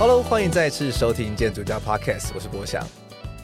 Hello，歡迎再次收聽《建築加 Podcast》，我是郭翔。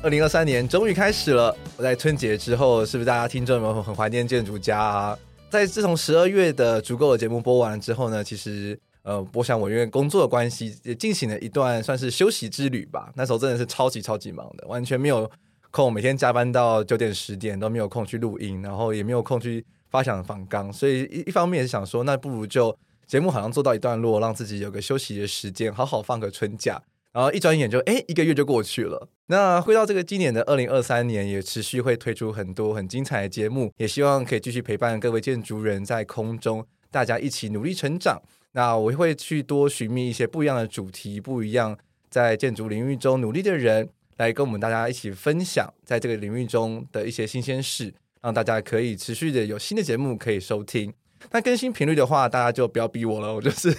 二零二三年終於開始了。我在春節之後，是不是大家聽眾們有沒有很懷念《建築加》啊？在自從十二月的足夠的節目播完了之後呢，其實呃，我想我因為工作的關係也進行了一段算是休息之旅吧。那時候真的是超級超級忙的，完全沒有空，每天加班到九點十點都沒有空去錄音，然後也沒有空去發想訪綱。所以一一方面也是想說，那不如就。節目好像做到一段落，讓自己有個休息的時間，好好放個春假。然後一轉眼就，哎，一個月就過去了。那回到這個今年的二零二三年，也持續會推出很多很精彩的節目，也希望可以繼續陪伴各位建築人在空中，大家一起努力成長。那我會去多尋覓一些不一樣的主題，不一樣在建築領域中努力的人，來跟我們大家一起分享在這個領域中的一些新鮮事，讓大家可以持續的有新的節目可以收聽。那更新頻率的話，大家就不要逼我了，我就是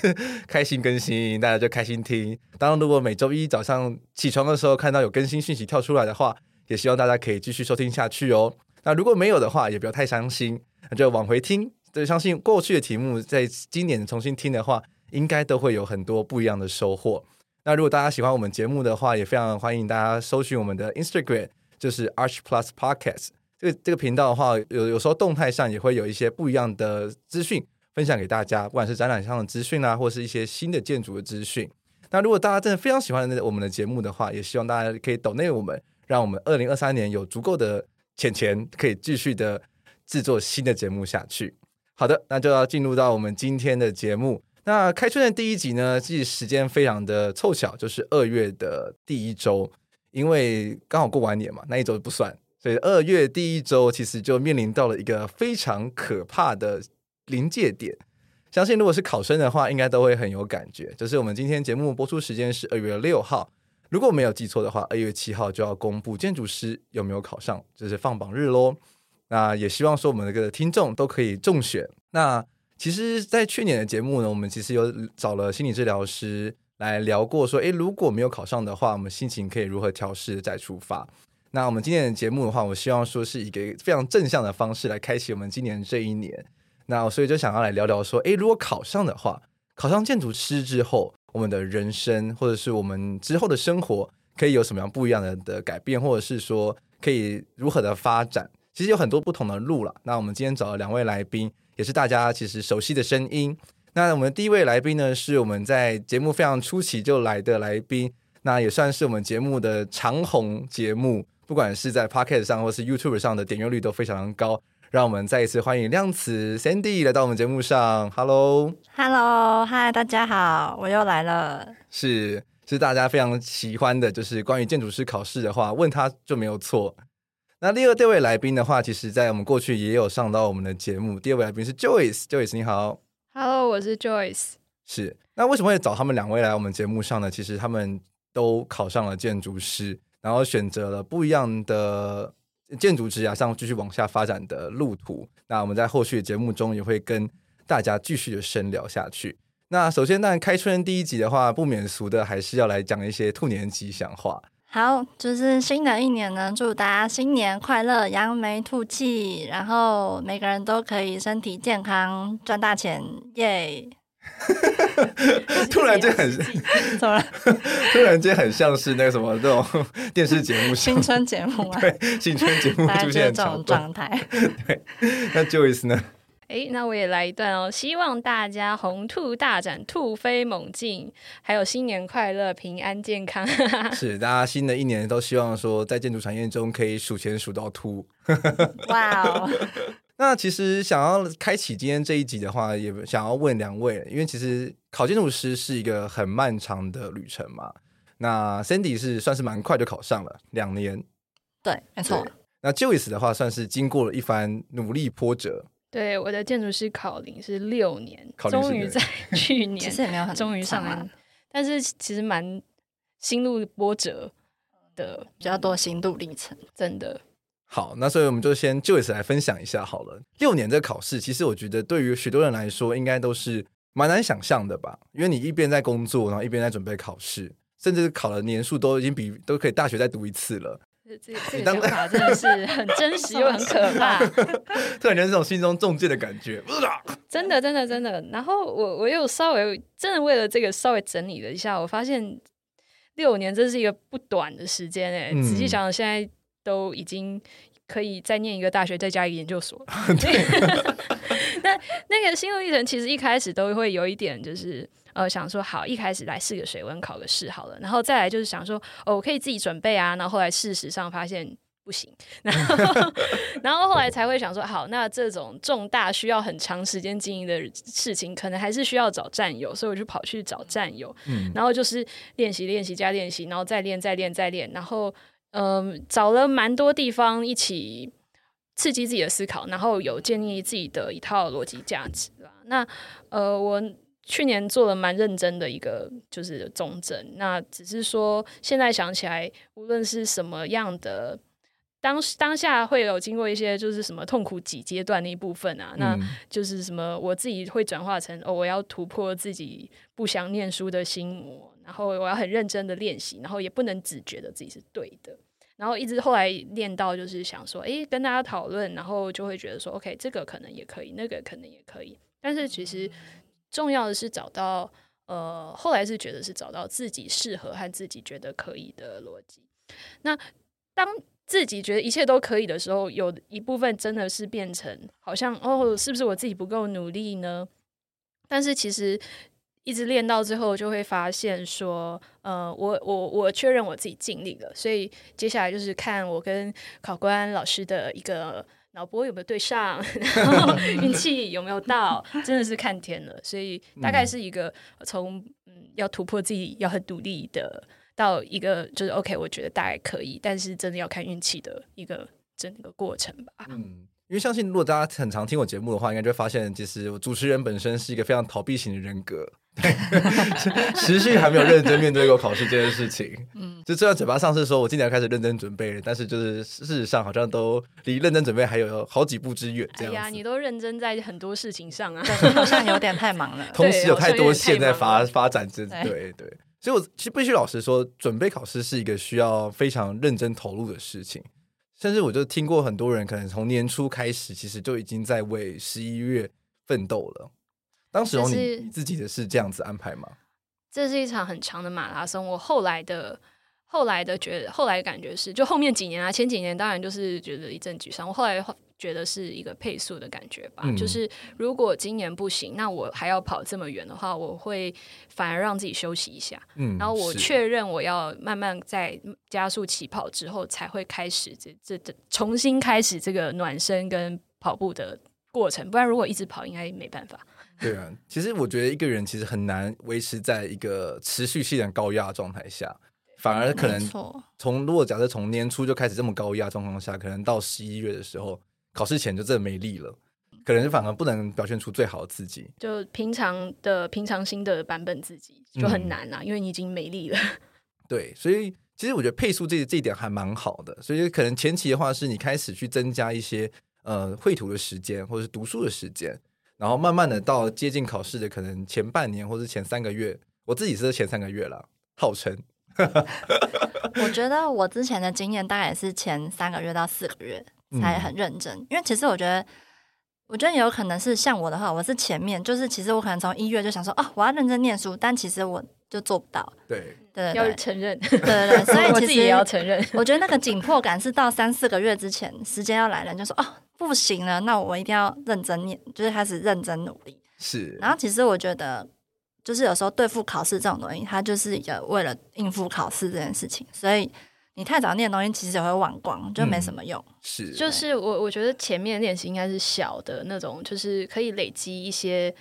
開心更新，大家就開心聽。當然，如果每周一早上起床的時候看到有更新訊息跳出來的話，也希望大家可以繼續收聽下去哦。那如果沒有的話，也不要太傷心，那就往回聽。就相信過去的題目在今年重新聽的話，應該都會有很多不一樣的收穫。那如果大家喜歡我們節目的話，也非常歡迎大家搜尋我們的 Instagram，就是 ArchPlusPodcast。這個這個頻道的話，有有時候動態上也會有一些不一樣的資訊分享給大家，不管是展覽上的資訊啊，或是一些新的建築的資訊。那如果大家真的非常喜歡我們的節目的話，也希望大家可以抖內我們，讓我們二零二三年，有足夠的錢錢，可以繼續的製作新的節目下去。好的，那就要進入到我們今天的節目。那開春的第一集呢，其實時間非常的湊巧，就是二月的第一週，因為剛好過完年嘛，那一週不算。所以，二月第一周其實就面臨到了一個非常可怕的臨界點，相信如果是考生的話，應該都會很有感覺。就是我們今天節目播出時間是二月六號，如果沒有記錯的話，二月七號就要公布建築師有沒有考上，就是放榜日嘍。那也希望說我們的聽眾都可以中選。那其實，在去年的節目呢，我們其實有找了心理治療師來聊過，說，誒，如果沒有考上的話，我們心情可以如何調試再出發？那我們今天的節目的話，我希望說是一個非常正向的方式來開啟我們今年這一年。那我所以就想要來聊聊說，誒，如果考上的話，考上建築師之後，我們的人生或者是我們之後的生活，可以有什麼樣不一樣的的改變，或者是說可以如何的發展？其實有很多不同的路了。那我們今天找了兩位來賓，也是大家其實熟悉的聲音。那我們第一位來賓呢，是我們在節目非常初期就來的來賓，那也算是我們節目的長紅節目。不管是在 Podcast 上或是 YouTube 上的點閱率都非常高，讓我們再一次歡迎亮慈 Sandy 來到我們節目上。Hello，Hello，嗨，Hello, hi, 大家好，我又來了。是，是大家非常喜歡的，就是關於建築師考試的話，問他就沒有錯。那第二位來賓的話，其實在我們過去也有上到我們的節目。第二位來賓是 Joyce，Joyce 你好。Hello，我是 Joyce。是，那為什麼會找他們兩位來我們節目上呢？其實他們都考上了建築師。然後選擇了不一樣的建築職涯上繼續往下發展的路途。那我們在後續的節目中也會跟大家繼續的深聊下去。那首先，那開春第一集的話，不免俗的還是要來講一些兔年吉祥話。好，就是新的一年呢，祝大家新年快樂，揚眉吐氣，然後每個人都可以身體健康，賺大錢，耶、yeah！ 突然間很怎麼？突然間很像是那個什麼這種電視節目，新春節目對，新春節目出現這種狀態。對，那 Joyce 呢？哎，那我也來一段哦，希望大家紅兔大展，兔飛猛進，還有新年快樂，平安健康。是，大家新的一年都希望說，在建築產業中可以數錢數到禿。哇哦！那其實想要開啟今天這一集的話，也想要問兩位，因為其實考建築師是一個很漫長的旅程嘛。那 Sandy 是算是蠻快就考上了，兩年，對，沒錯錯。那 Joyce 的話，算是經過了一番努力波折。對，我的建築師考齡是六年，考這個、終於在去年， 其、啊、終於上岸，但是其實蠻心路波折的，嗯、比較多心路歷程，真的。好，那所以我們就先就此來分享一下好了。六年這考試，其實我覺得對於許多人來說，應該都是蠻難想象的吧？因為你一邊在工作，然後一邊在準備考試，甚至是考了年數都已經比都可以大學再讀一次了。這這這你當時真的是很真實又很可怕， 突然間這種心中中介的感覺。 真的，真的，真的。然後我我又稍微真的為了這個稍微整理了一下，我發現六年真的是一個不短的時間哎，嗯、仔細想想，現在。都已經可以再念一個大學，再加一個研究所。對 那那個心路歷程其實一開始都會有一點，就是呃想說好，一開始來試個水溫，考個試好了。然後再來就是想說，哦，我可以自己準備啊。然後後來事實上發現不行。然後，然後後來才會想說，好，那這種重大需要很長時間經營的事情，可能還是需要找戰友，所以我就跑去找戰友。嗯。然後就是練習練習加練習，然後再練再練再練，再練，然後。嗯，找了蠻多地方一起刺激自己的思考，然後有建立自己的一套邏輯價值啦。那呃，我去年做了蠻認真的一個就是中證，那只是說現在想起來，無論是什麼樣的，當當下會有經過一些就是什麼痛苦幾階段那一部分啊，嗯、那就是什麼我自己會轉化成哦，我要突破自己不想念書的心魔。然後我要很認真的練習，然後也不能只覺得自己是對的，然後一直後來練到就是想說，哎、欸，跟大家討論，然後就會覺得說，OK，這個可能也可以，那個可能也可以，但是其實重要的是找到，呃，後來是覺得是找到自己適合，和自己覺得可以的邏輯。那當自己覺得一切都可以的時候，有一部分真的是變成好像哦，是不是我自己不夠努力呢？但是其實。一直練到之後，就會發現說，呃，我我我確認我自己盡力了，所以接下來就是看我跟考官老師的一個腦波有沒有對上， 然後運氣有沒有到，真的是看天了。所以大概是一個從、嗯、要突破自己要很努力的，到一個就是 OK，我覺得大概可以，但是真的要看運氣的一個整個過程吧。嗯因為相信，如果大家很常聽我節目的話，應該就會發現，其實我主持人本身是一個非常逃避型的人格，持續 還沒有認真面對過考試這件事情。 嗯，就雖然嘴巴上是說，我今年開始認真準備，但是就是事實上好像都離認真準備還有好幾步之遠。這樣子、哎呀，你都認真在很多事情上啊， 對好像有點太忙了。 同時有太多線在發發展，這對對。對對所以我其實必須老實說，準備考試是一個需要非常認真投入的事情。甚至我就聽過很多人，可能從年初開始，其實就已經在為十一月奮鬥了。當時你是你自己的是這樣子安排嗎？這是一場很長的馬拉松。我後來的。後來的覺得，後來的感覺是，就後面幾年啊，前幾年當然就是覺得一陣沮喪。我後來覺得是一個配速的感覺吧，嗯，就是如果今年不行，那我還要跑這麼遠的話，我會反而讓自己休息一下。嗯，然後我確認我要慢慢再加速起跑之後，才會開始這這這重新開始這個暖身跟跑步的過程。不然如果一直跑，應該沒辦法。對啊，其實我覺得一個人其實很難維持在一個持續性的高壓狀態下。反而可能從沒錯，如果假設從年初就開始這麼高壓狀況下，可能到十一月的時候考試前就真的沒力了，可能就反而不能表現出最好的自己。就平常的平常心的版本自己就很難啦，啊，嗯，因為你已經沒力了。對，所以其實我覺得配速這這一點還蠻好的，所以可能前期的話是你開始去增加一些呃繪圖的時間或者是讀書的時間，然後慢慢的到接近考試的可能前半年或者前三個月，我自己是前三個月啦，號稱。 我覺得我之前的經驗大概也是前三個月到四個月才很認真，因為其實我覺得，我覺得也有可能是像我的話，我是前面就是其實我可能從一月就想說哦，我要認真唸書，但其實我就做不到。對對對，要承認。對對對， 所以其實也要承認。我覺得那個緊迫感是到三四個月之前，時間要來了，就說哦，不行了，那我一定要認真唸，就是開始認真努力。是。然後其實我覺得。就是有時候對付考試這種東西，它就是一為了應付考試這件事情，所以你太早念東西，其實也會忘光，就沒什麼用。嗯、是，就是我我覺得前面練習應該是小的那種，就是可以累積一些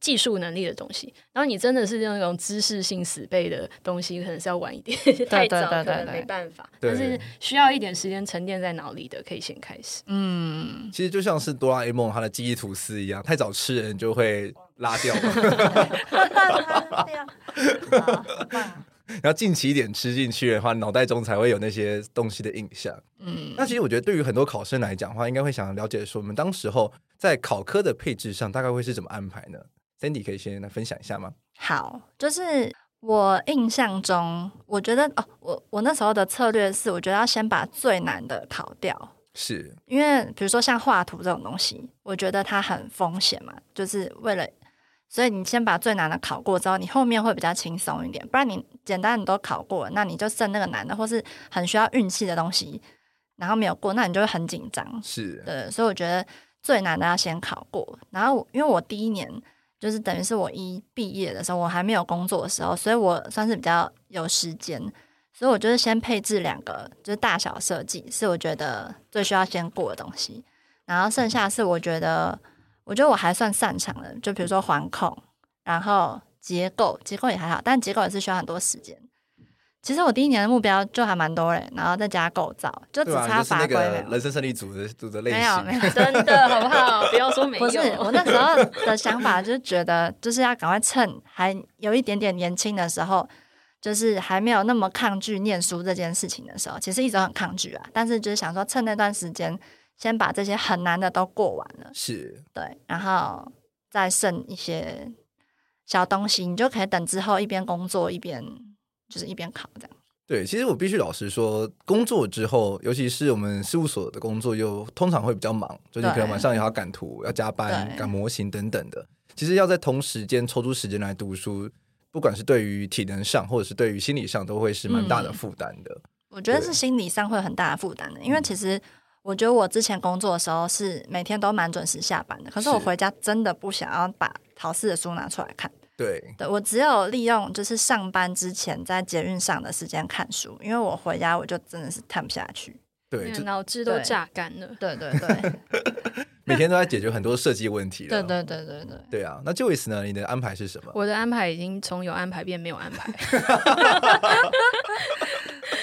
技術能力的東西。然後你真的是用那種知識性死背的東西，可能是要晚一點。 太早可能沒辦法，對對對對對，但是需要一點時間沉澱在腦裡的，可以先開始。嗯，其實就像是哆啦 A 夢它的記憶吐司一樣，太早吃人就會。 拉掉了， 然後近期一點吃進去的話，腦袋中才會有那些東西的印象。嗯，那其實我覺得對於很多考生來講的話，應該會想了解說，我們當時候在考科的配置上，大概會是怎麼安排呢？Sandy 可以先來分享一下嗎？好，就是我印象中，我覺得哦，我我那時候的策略是，我覺得要先把最難的考掉，是因為比如說像畫圖這種東西，我覺得它很風險嘛，就是為了。所以你先把最難的考過之後，你後面會比較輕鬆一點。不然你簡單你都考過了，那你就剩那個難的，或是很需要運氣的東西，然後沒有過，那你就會很緊張。是，對。所以我覺得最難的要先考過。然後因為我第一年就是等於是我一畢業的時候，我還沒有工作的時候，所以我算是比較有時間，所以我就是先配置兩個，就是大小設計是我覺得最需要先過的東西。然後剩下是我覺得。我覺得我還算擅長的，就比如說環控，然後結構，結構也還好，但結構也是需要很多時間。其實我第一年的目標就還蠻多嘞，然後再加構造，就只差法規。啊、就是那個人生勝利組的組的類型。沒有沒有，沒有真的好不好？ 不要說沒用。不是我那時候的想法，就是覺得就是要趕快趁還有一點點年輕的時候，就是還沒有那麼抗拒念書這件事情的時候。其實一直很抗拒啊，但是就是想說趁那段時間。先把這些很難的都過完了，是對，然後再剩一些小東西，你就可以等之後一邊工作一邊就是一邊考這樣。對，其實我必須老實說，工作之後，尤其是我們事務所的工作又，又通常會比較忙，就是可能晚上也要趕圖、要加班、對趕模型等等的。其實要在同時間抽出時間來讀書，不管是對於體能上，或者是對於心理上，都會是蠻大的負擔的。嗯、我覺得是對心理上會有很大的負擔的，因為其實。我覺得我之前工作的時候是每天都蠻準時下班的，可是我回家真的不想要把考試的書拿出來看。對，對，我只有利用就是上班之前在捷運上的時間看書，因為我回家我就真的是看不下去，對，對腦子都榨乾了。對，對對對， 每天都在解決很多設計問題。 對，對對對對對。對啊，那 Joyce 呢？你的安排是什麼？我的安排已經從有安排變沒有安排。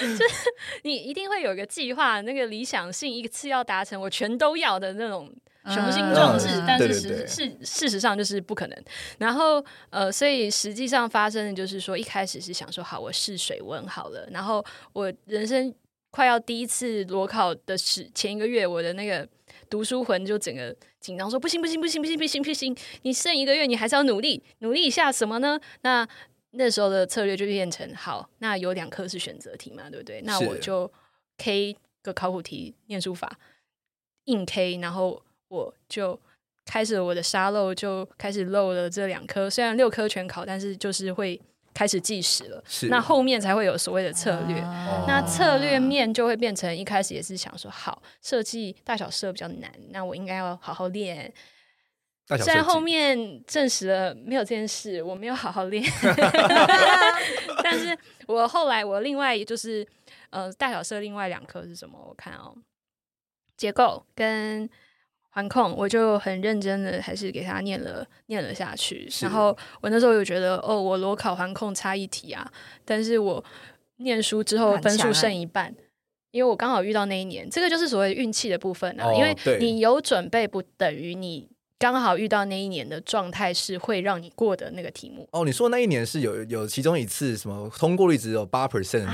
就是你一定會有一個計劃，那個理想性一次要達成，我全都要的那種雄心壯志，uh, uh, 但是實是事,事實上就是不可能。然後呃，所以實際上發生的就是說，一開始是想說好，我試水溫好了，然後我人生快要第一次裸考的時前一個月，我的那個讀書魂就整個緊張說，不行不行不行不行不行不行，你剩一個月，你還是要努力努力一下什麼呢？那。那時候的策略就變成好，那有兩科是選擇題嘛，對不對？是那我就 K 個考古題念書法，硬 K，然後我就開始我的沙漏就開始漏了這兩科。雖然六科全考，但是就是會開始計時了。是那後面才會有所謂的策略。啊、那策略面就會變成一開始也是想說，好，設計大小設比較難，那我應該要好好練。雖然後面證實了沒有這件事，我沒有好好練。 但是，我後來我另外就是呃，大小社另外兩科是什麼？我看哦，結構跟環控，我就很認真的還是給他念了念了下去。是然後我那時候又覺得，哦，我裸考環控差一題啊，但是我念書之後分數剩一半，欸、因為我剛好遇到那一年，這個就是所謂運氣的部分啊。哦、因為你有準備不等於你。剛好遇到那一年的狀態是會讓你過的那個題目。哦，你說那一年是有有其中一次什麼通過率只有八 percent 的那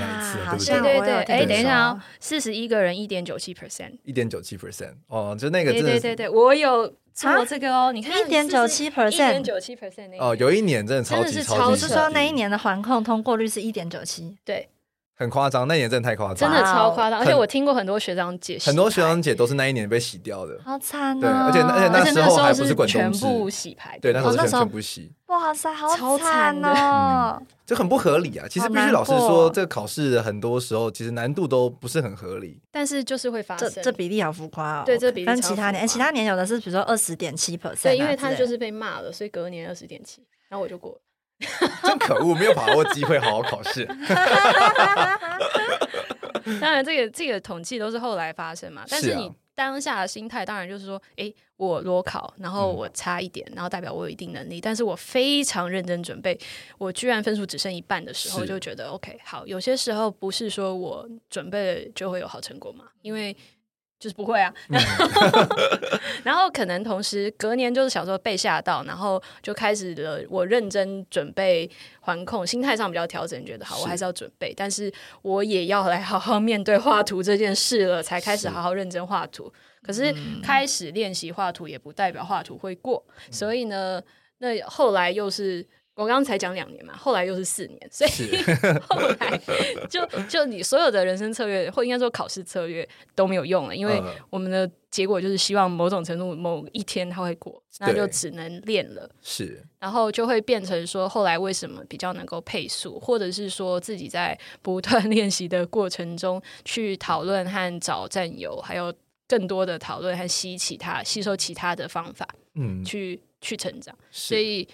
一次，對不對？對對哎，等一下哦，四十一個人一點九七 percent，一點九七 percent，哦，就那個對對對，我有做這個哦，你看一點九七 percent，一點九七 percent 那哦，有一年真的超真的是超，是說那一年的環控通過率是一點九七，對。很誇張，那年真的太誇張了，真的超誇張。而且我聽過很多學長姐。很多學長姐都是那一年被洗掉的，好慘啊！對，而且而且那時候還不是滾動制全部洗牌，對，那時候全部洗。哇塞，好慘哦。就很不合理啊！其實必須老實說，這個考試很多時候其實難度都不是很合理，但是就是會發生，這比例好浮誇。對，這比例但其他年，其他年有的是比如說二十點七 percent，對，因為他就是被罵了，所以隔年二十點七，然後我就過了。 真可惡，沒有把握機會好好考試。 當然、這個，這個這個統計都是後來發生嘛。但是你當下的心態，當然就是說，哎、欸，我裸考，然後我差一點，然後代表我有一定能力。嗯、但是我非常認真準備，我居然分數只剩一半的時候，是就覺得 OK。好，有些時候不是說我準備了就會有好成果嘛？因為就是不會啊， 然後可能同時隔年就是小時候被嚇到，然後就開始了我認真準備環控，心態上比較調整，覺得好，我還是要準備，是但是我也要來好好面對畫圖這件事了，才開始好好認真畫圖。是可是開始練習畫圖也不代表畫圖會過，嗯。所以呢，那後來又是。我剛才講兩年嘛，後來又是四年，所以後來就就你所有的人生策略或應該說考試策略都沒有用了，因為我們的結果就是希望某種程度，某一天它會過，對那就只能練了。是，然後就會變成說，後來為什麼比較能夠配速，或者是說自己在不斷練習的過程中去討論和找戰友，還有更多的討論和吸其他吸收其他的方法，嗯，去去成長。是所以。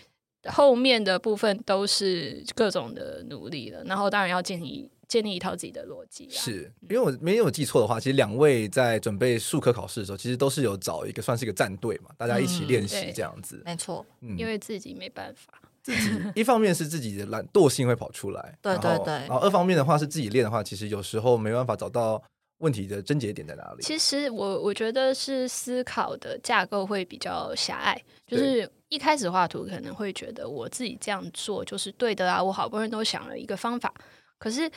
後面的部分都是各種的努力了，然後當然要建立建立一套自己的邏輯。是，因為我沒有記錯的話，其實兩位在準備術科考試的時候，其實都是有找一個算是一個戰隊嘛，大家一起練習這樣子。嗯、沒錯，嗯、因為自己沒辦法，自己 一方面是自己的懶惰性會跑出來，對對對然。然後二方面的話是自己練的話，其實有時候沒辦法找到問題的症結點在哪裡。其實我我覺得是思考的架構會比較狹隘，就是。一開始畫圖可能會覺得我自己這樣做就是對的啊！我好不容易都想了一個方法，可是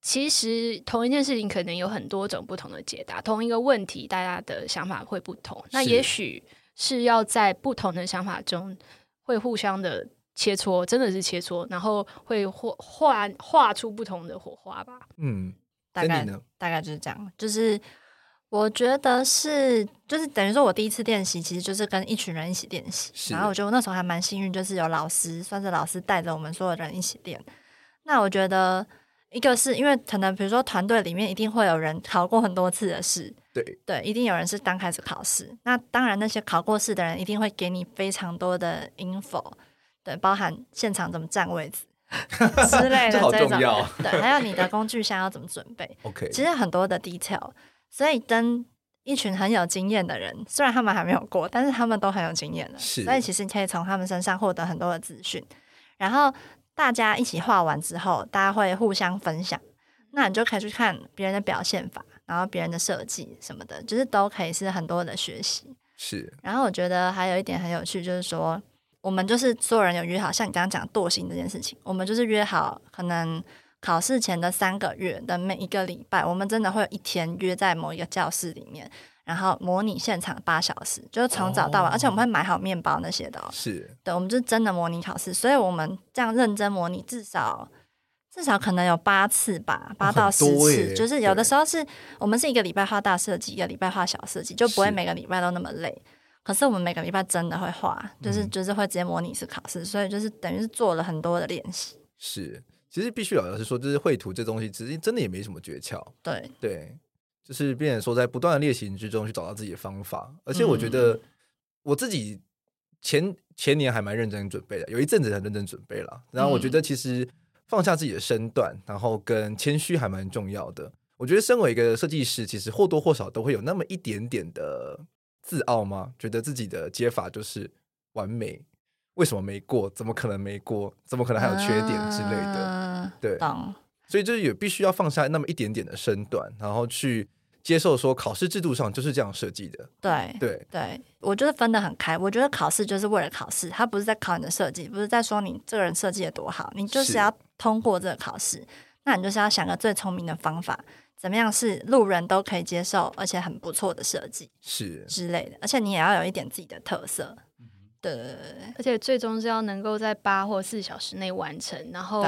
其實同一件事情可能有很多種不同的解答，同一個問題大家的想法會不同。是那也許是要在不同的想法中會互相的切磋，真的是切磋，然後會畫，畫出不同的火花吧。嗯，大概呢，大概就是這樣，就是。我覺得是，就是等於說，我第一次練習其實就是跟一群人一起練習。是的 然後我覺得我那時候還蠻幸運，就是有老師，算是老師帶着我們所有人一起練。那我覺得一個是因為可能比如說團隊裡面一定會有人考過很多次的試，對對，一定有人是剛開始考試。那當然那些考過試的人一定會給你非常多的 info，對，包含現場怎麼站位置 重之類的這種，對，還有你的工具箱要怎麼準備。 OK，其實很多的 detail。所以跟一群很有經驗的人，雖然他們還沒有過，但是他們都很有經驗了。是的。所以其實你可以從他們身上獲得很多的資訊，然後大家一起畫完之後，大家會互相分享，那你就可以去看別人的表現法，然後別人的設計什麼的，就是都可以是很多的學習。是的。然後我覺得還有一點很有趣，就是說我們就是所有人有約，好像你剛剛講惰性這件事情，我們就是約好可能。考試前的三個月的每一個禮拜，我們真的會有一天約在某一個教室裡面，然後模擬現場八小時，就是從早到晚，哦、而且我們會買好麵包那些的、喔。是的，我們就是真的模擬考試，所以我們這樣認真模擬，至少至少可能有八次吧，八、哦、到十次。欸、就是有的時候是對我們是一個禮拜畫大設計，一個禮拜畫小設計，就不會每個禮拜都那麼累。是，可是我們每個禮拜真的會畫，就是就是會直接模擬一次考試，所以就是等於是做了很多的練習。是。其實必須老實說，就是繪圖這東西，其實真的也沒什麼訣竅。對，對，就是變成說在不斷的練習之中去找到自己的方法。而且我覺得我自己前前年還蠻認真準備的，有一陣子很認真準備了。然後我覺得其實放下自己的身段，嗯、然後跟謙虛還蠻重要的。我覺得身為一個設計師，其實或多或少都會有那麼一點點的自傲嘛？覺得自己的解法就是完美。為什麼沒過？怎麼可能沒過？怎麼可能還有缺點之類的？Uh 對，懂所以就是也必須要放下那麼一點點的身段，然後去接受說考試制度上就是這樣設計的。對，對，對，我覺得分得很開。我覺得考試就是為了考試，他不是在考你的設計，不是在說你這個人設計的多好，你就是要通過這個考試。是那你就是要想個最聰明的方法，怎麼樣是路人都可以接受，而且很不錯的設計，是之類的。是而且你也要有一點自己的特色。對對對，而且最終是要能夠在八或四小時內完成，然後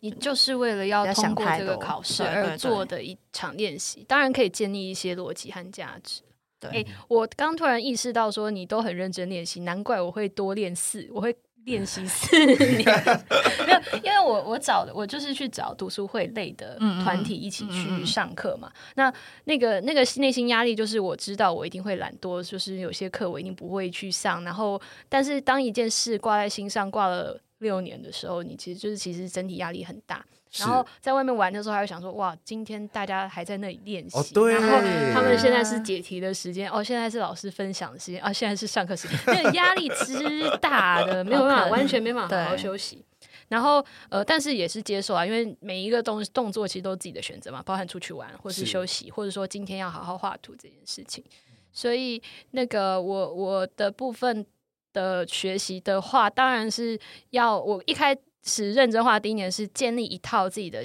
你就是為了要通過這個考試而做的一場練習，當然可以建立一些邏輯和價值。對，哎，我剛突然意識到，說你都很認真練習，難怪我會多練四，我會。練習四年， 沒有，因為我我找我就是去找讀書會類的團體一起去上課嘛。嗯嗯嗯嗯，那那個那個內心壓力就是我知道我一定會懶惰，就是有些課我一定不會去上。然後，但是當一件事掛在心上掛了六年的時候，你其實就是其實整體壓力很大。然後在外面玩的時候，還會想說哇，今天大家還在那裡練習。哦、然後他們現在是解題的時間，哦，現在是老師分享的時間，啊，現在是上課時間，那個壓力之大的 沒有辦法，完全沒辦法好好休息。對然後呃，但是也是接受啊，因為每一個動動作其實都是自己的選擇嘛，包含出去玩，或是休息，是或者說今天要好好畫圖這件事情。所以那個我我的部分的學習的話，當然是要我一開。是認真化的第一年是建立一套自己的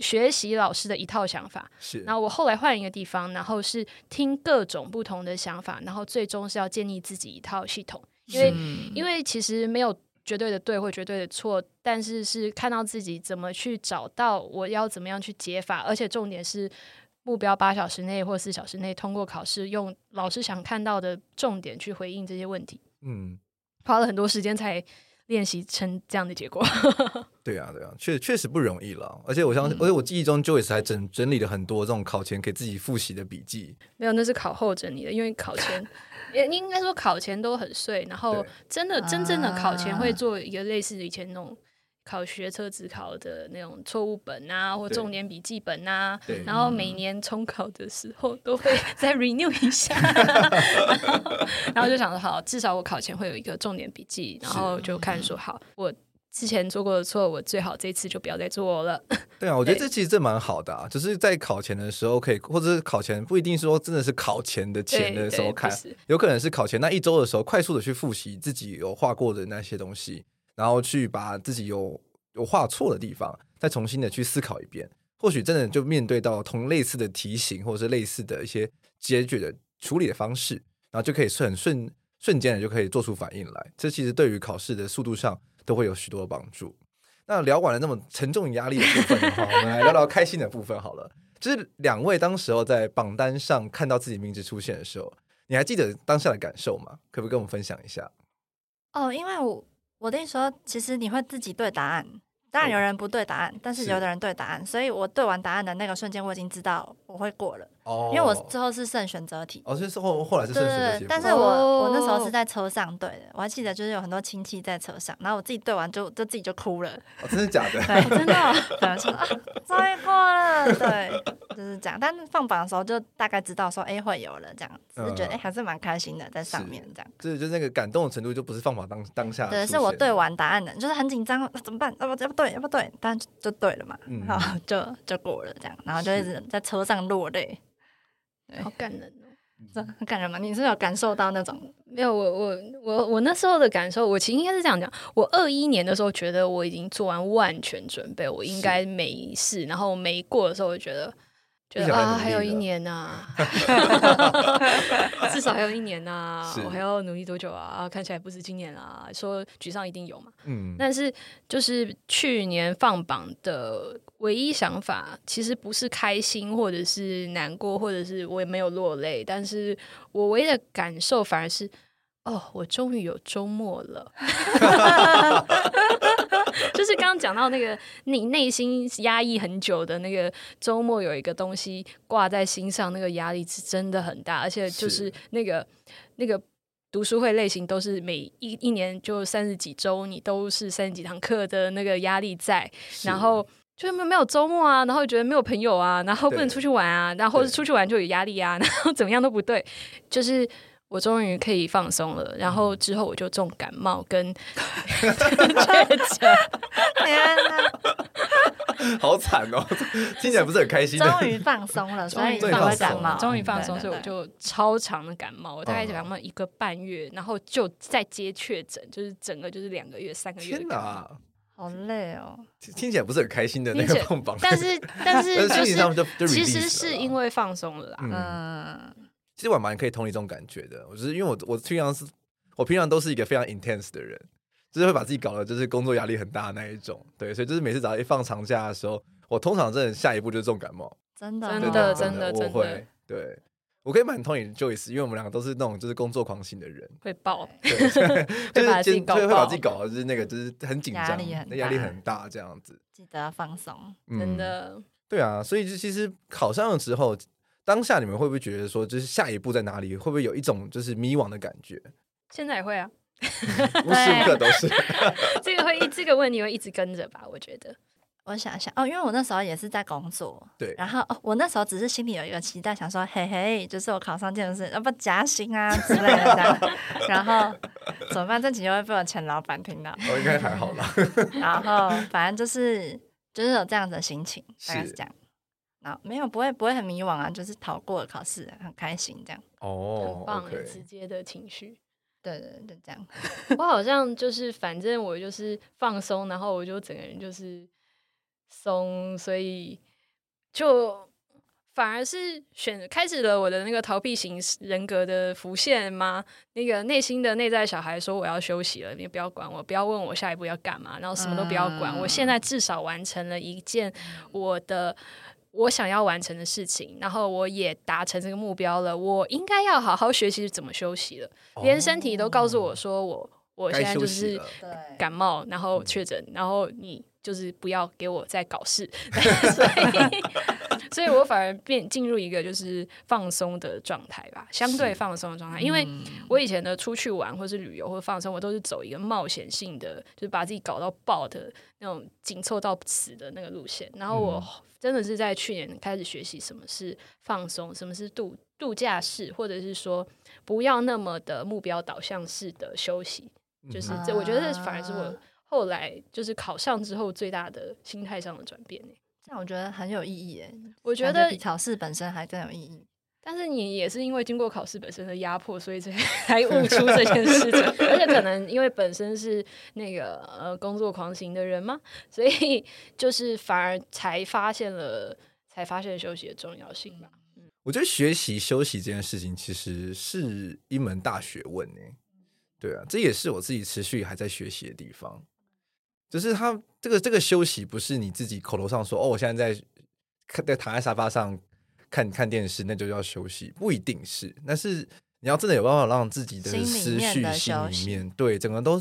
學習老師的一套想法，是。然後我後來換一個地方，然後是聽各種不同的想法，然後最終是要建立自己一套系統。因為是因為其實沒有絕對的對或絕對的錯，但是是看到自己怎麼去找到我要怎麼樣去解法，而且重點是目標八小時內或四小時內通過考試，用老師想看到的重點去回應這些問題。嗯，花了很多時間才。練習成這樣的結果，對啊對啊，確確實不容易了。而且我相信，而且、嗯、我記憶中 Joyce 還整整理了很多這種考前給自己複習的筆記。沒有，那是考後整理的，因為考前， 也應該說考前都很碎，然後真的對真正的考前會做一個類似的以前那種。考學車執考的那種錯誤本啊，或重點筆記本吶、啊，然後每年重考的時候都會再 renew 一下 然，然後就想說，好，至少我考前會有一個重點筆記，然後就看說，好，我之前做過的錯，我最好這次就不要再做了。對啊，對我覺得這其實這蠻好的啊，就是在考前的時候，可以，或者是考前不一定說真的是考前的前的時候看，有可能是考前那一週的時候，快速的去複習自己有畫過的那些東西。然後去把自己有有畫錯的地方，再重新的去思考一遍，或許真的就面對到同類似的題型，或者是類似的一些解決的處理的方式，然後就可以是很瞬瞬間的就可以做出反應來。這其實對於考試的速度上都會有許多的幫助。那聊完了那麼沉重與壓力的部分，我們來聊聊開心的部分好了。就是兩位當時候在榜單上看到自己名字出現的時候，你還記得當下的感受嗎？可不可以跟我們分享一下？哦，因為我。我跟你說，其實你會自己對答案。當然有人不對答案，哦、但是有的人對答案。是所以，我對完答案的那個瞬間，我已經知道我會過了。哦，因為我之後是剩選擇題，哦，就是後後來是剩選擇題，但是我我那時候是在車上對的，我還記得就是有很多親戚在車上，然後我自己對完就就自己就哭了，哦，真的假的？ 對，真的、喔，真的是，終於過了，對，就是講，但放榜的時候就大概知道說哎、欸、會有了這樣子，就覺得哎、嗯欸、還是蠻開心的在上面這樣，就是就是那個感動的程度就不是放榜當當下，對，是我對完答案的，就是很緊張、啊，怎麼辦？啊不，要不對，要不對，但就,就對了嘛，好、嗯，然後就就過了這樣，然後就一直在車上落淚。對好感人哦，很感人嘛？你是，是有感受到那種沒有？我我我我那時候的感受，我其實應該是這樣講：我二一年的時候覺得我已經做完萬全準備，我應該沒事。是然後沒過的時候，就覺得覺得啊，還有一年吶、啊， 至少還有一年吶、啊，是我還要努力多久啊？看起來不是今年啊，說沮喪一定有嘛。嗯，但是就是去年放榜的。唯一想法其實不是開心，或者是難過，或者是我也沒有落淚，但是我唯一的感受反而是，哦，我終於有周末了。 就是剛剛講到那個你內心壓抑很久的那個周末，有一個東西掛在心上，那個壓力是真的很大，而且就是那個是那個讀書會類型，都是每一一年就三十幾周，你都是三十幾堂課的那個壓力在，是然後。就沒有沒有周末啊，然後覺得沒有朋友啊，然後不能出去玩啊，然後出去玩就有壓力啊，然後怎麼樣都不對，就是我終於可以放鬆了。然後之後我就重感冒跟確診。天哪，好慘哦！聽起來不是很開心。終於放鬆了，所以才會感冒。終於放鬆，所以我就超長的感冒，我大概感冒一個半月，然後就再接確診，就是整個就是兩個月、三個月的感冒。好累哦，聽起來不是很開心的那個棒棒。但是但是但是其實是因為放鬆了啦，嗯。其實我蠻可以同你這種感覺的，我是因為我我平常是，我平常都是一個非常 intense 的人，就是會把自己搞得就是工作壓力很大的那一種，對。所以就是每次只要一放長假的時候，我通常真的下一步就是重感冒，真的真的真的真的，我會對。我可以蠻同意 Joyce，因為我們兩個都是那種就是工作狂型的人，會爆，對 就是會把自己搞的，就是那個就是很緊張，壓力很大，很大這樣子。記得要放鬆，真的、嗯。對啊，所以就其實考上了之後，當下你們會不會覺得說，就是下一步在哪裡，會不會有一種就是迷惘的感覺？現在也會啊， 不是，無刻、啊、都是。 這個會這個問題會一直跟着吧，我覺得。我想想哦，因為我那時候也是在工作，對，然後、哦、我那時候只是心裡有一個期待，想說嘿嘿，就是我考上建築師，要、啊、不加薪啊之類的這樣。 然後怎麼辦？這幾天會被我前老闆聽到？我、哦、應該還好啦。 然後反正就是就是有這樣的心情，是，大概是這樣。那沒有不會不會很迷惘啊，就是逃過了考試、啊，很開心這樣。哦，很棒 okay，直接的情緒，對對對，這樣。 我好像就是，反正我就是放鬆，然後我就整個人就是。鬆，所以就反而是選開始了我的那個逃避型人格的浮現嗎？那個內心的內在小孩說：“我要休息了，你不要管我，不要問我下一步要幹嘛，然後什麼都不要管。嗯、我現在至少完成了一件我的我想要完成的事情，然後我也達成這個目標了。我應該要好好學習怎麼休息了。哦、連身體都告訴我說我我現在就是感冒，然後確診，然後你。嗯”就是不要給我再搞事，所以所以我反而變進入一個就是放鬆的狀態吧，相對放鬆的狀態。因為我以前呢，出去玩或是旅遊或放鬆，我都是走一個冒險性的，就是把自己搞到爆的那種緊湊到死的那個路線。然後我真的是在去年開始學習什麼是放鬆，什麼是度度假式，或者是說不要那麼的目標導向式的休息。就是這，我覺得這反而是我。後來就是考上之後，最大的心態上的轉變呢、欸？那我覺得很有意義哎、欸，我覺得考試本身還真有意義，但是你也是因為經過考試本身的壓迫，所以才才悟出這件事情。 而且可能因為本身是那個呃工作狂型的人嘛，所以就是反而才發現了才發現休息的重要性吧。嗯，我覺得學習休息這件事情其實是一門大學問誒、欸。對啊，這也是我自己持續還在學習的地方。.就是他這個這個休息不是你自己口頭上說哦，我現在在看在躺在沙發上看看電視，那就叫休息，不一定是。但是你要真的有辦法讓自己的思緒心裡面，心裡面對整個都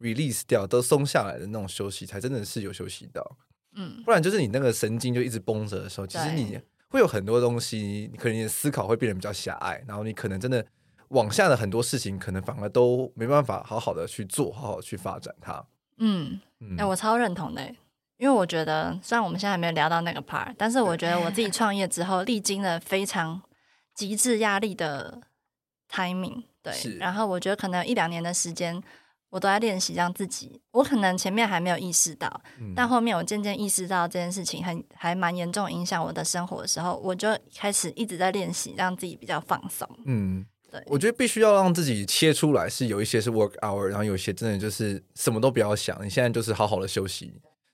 release 掉，都鬆下來的那種休息，才真的是有休息到。嗯，不然就是你那個神經就一直繃着的時候，其實你會有很多東西，你，你可能你的思考會變得比較狹隘，然後你可能真的往下的很多事情，可能反而都沒辦法好好的去做，好好的去發展它。嗯。哎、嗯欸，我超認同的、欸，因為我覺得，雖然我們現在還沒有聊到那個 part，但是我覺得我自己創業之後，歷對經了非常極致壓力的 timing，對。是然後我覺得可能一兩年的時間，我都在練習讓自己，我可能前面還沒有意識到，嗯、但後面我漸漸意識到這件事情還還蠻嚴重影響我的生活的時候，我就開始一直在練習讓自己比較放鬆。嗯。對我覺得必須要讓自己切出來，是有一些是 work hour，然後有一些真的就是什麼都不要想，你現在就是好好的休息，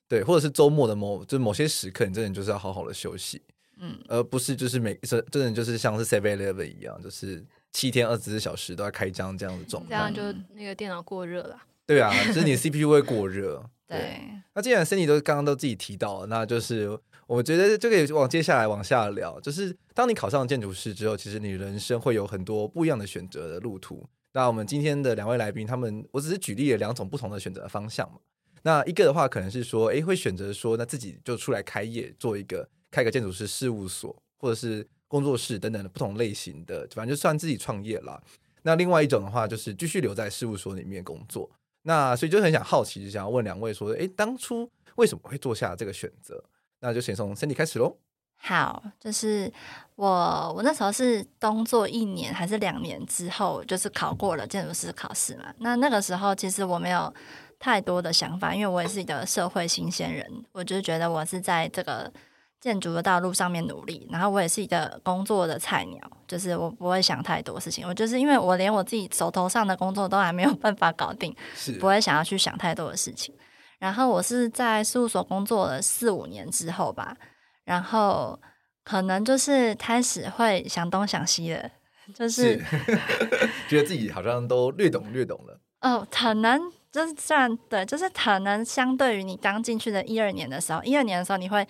對，或者是周末的某就是、某些時刻，你真的就是要好好的休息，嗯，而不是就是每是真的就是像是 seven eleven 一樣，就是七天二十四小時都要開張這樣子狀，這樣就那個電腦過熱了，對啊，就是你 CPU 會過熱， 對，對。那既然 Sandy 都剛剛都自己提到了，那就是。我覺得這個也往接下來往下聊，就是當你考上建築師之後，其實你人生會有很多不一樣的選擇的路途。那我們今天的兩位來賓，他們我只是舉例了兩種不同的選擇方向嘛。那一個的話，可能是說，哎，會選擇說，那自己就出來開業，做一個開個建築師事務所或者是工作室等等的不同類型的，反正就算自己創業啦。那另外一種的話，就是繼續留在事務所裡面工作。那所以就很想好奇，想要問兩位說，哎，當初為什麼會做下這個選擇？那就先從 Sandy 開始嘍。好，就是我，我那時候是工作一年還是兩年之後，就是考過了建築師考試嘛。那那個時候其實我沒有太多的想法，因為我也是一個社會新鮮人，我就覺得我是在這個建築的道路上面努力。然後我也是一個工作的菜鳥，就是我不會想太多事情，我就是因為我連我自己手頭上的工作都還沒有辦法搞定，是不會想要去想太多的事情。然後我是在事務所工作了四五年之後吧，然後可能就是開始會想東想西了，就是,是呵呵覺得自己好像都略懂略懂了。哦，可能就是這樣對，就是可能相對於你剛進去的一二年的時候，一二年的時候你會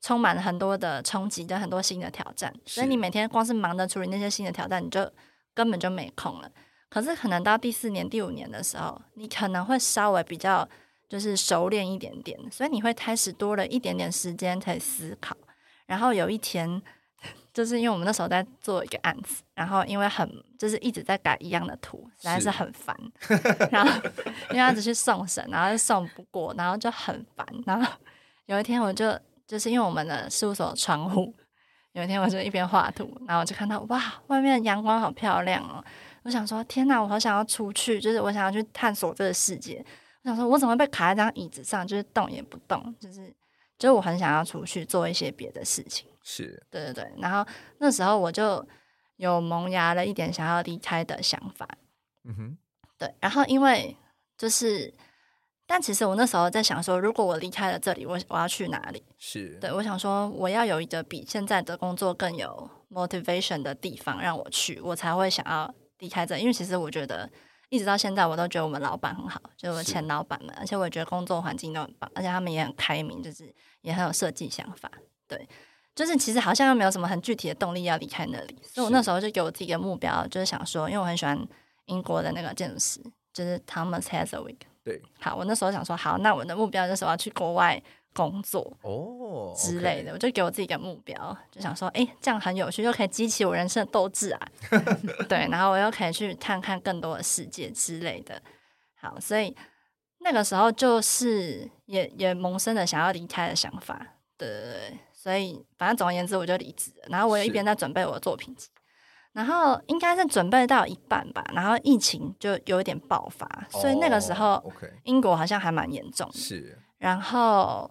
充滿了很多的衝擊跟很多新的挑戰，是所以你每天光是忙着處理那些新的挑戰，你就根本就沒空了。可是可能到第四年、第五年的時候，你可能會稍微比較。就是熟練一點點，所以你會開始多了一點點時間可以思考。然後有一天，就是因為我們那時候在做一個案子，然後因為很就是一直在改一樣的圖，實在是很煩。是 然後因為他只是送審，然後送不過，然後就很煩。然後有一天，我就就是因為我們的事務所窗戶，有一天我就一邊畫圖，然後就看到哇，外面的陽光好漂亮哦。我想說，天哪，我好想要出去，就是我想要去探索這個世界。我想說，我怎麼被卡在張椅子上，就是動也不動，就是，就是我很想要出去做一些別的事情。是，對對對。然後那時候我就有萌芽了一點想要離開的想法。嗯哼。對，然後因為就是，但其實我那時候在想說，如果我離開了這裡，我我要去哪裡？是，對，我想說，我要有一個比現在的工作更有 motivation 的地方讓我去，我才會想要離開這裡，因為其實我覺得。一直到現在，我都覺得我們老闆很好，就是我的前老闆們，是而且我也覺得工作環境都很棒，而且他們也很開明，就是也很有設計想法。對，就是其實好像又沒有什麼很具體的動力要離開那裡，所以我那時候就給我自己的目標，就是想說，因為我很喜歡英國的那個建築師，就是 Thomas Heatherwick。對，好，我那時候想說，好，那我的目標就是我要去國外。工作哦之類的，oh, okay. 我就給我自己一個目標，就想說，哎、欸，這樣很有趣，又可以激起我人生的鬥志啊。 對，然後我又可以去看看更多的世界之類的。好，所以那個時候就是也也萌生了想要離開的想法。對，所以反正總而言之，我就離職了。然後我有一邊在準備我的作品集，是然後應該是準備到一半吧。然後疫情就有一點爆發，所以那個時候，英國好像還蠻嚴重的。的是，然後。